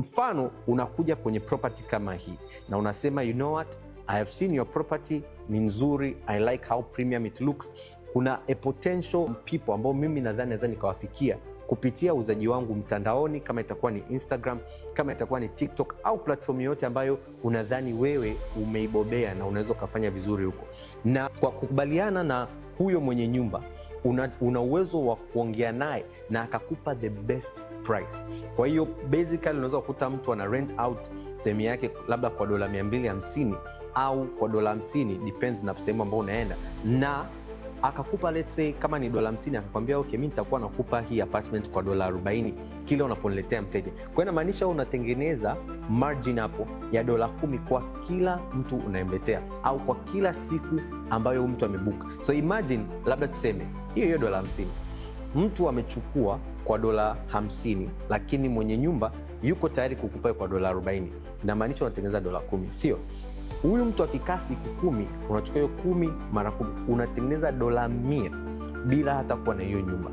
Mfano, unakuja kwenye property kama hii na unasema you know what, I have seen your property ni nzuri, I like how premium it looks. Kuna a potential people ambao mimi nadhani naweza nikawafikia kupitia uuzaji wangu mtandaoni, kama itakuwa ni Instagram, kama itakuwa ni TikTok au platform yoyote ambayo unadhani wewe umeibobea na unaweza ukafanya vizuri huko, na kwa kukubaliana na huyo mwenye nyumba una, una uwezo wa kuongea naye na akakupa the best price. Kwa hiyo basically unaweza kukuta mtu ana rent out sehemu yake labda kwa dola 250 au kwa dola 50 depends na sehemu ambayo unaenda na akakupa let's say kama ni dola 50 akakwambia okay, mimi nitakuwa nakupa hii apartment kwa dola 40 kila unaponiletea mteja. Kwa hiyo inamaanisha unatengeneza margin hapo ya dola kumi kwa kila mtu unayemletea au kwa kila siku ambayo mtu amebuka. So imagine labda tuseme hiyo hiyo dola 50 mtu amechukua kwa dola 50 lakini mwenye nyumba yuko tayari kukupa kwa dola 40, inamaanisha unatengeneza dola kumi, sio? Huyu mtu akikaa siku kumi, unachukua hiyo kumi mara kumi, unatengeneza dola mia bila hata kuwa na hiyo nyumba.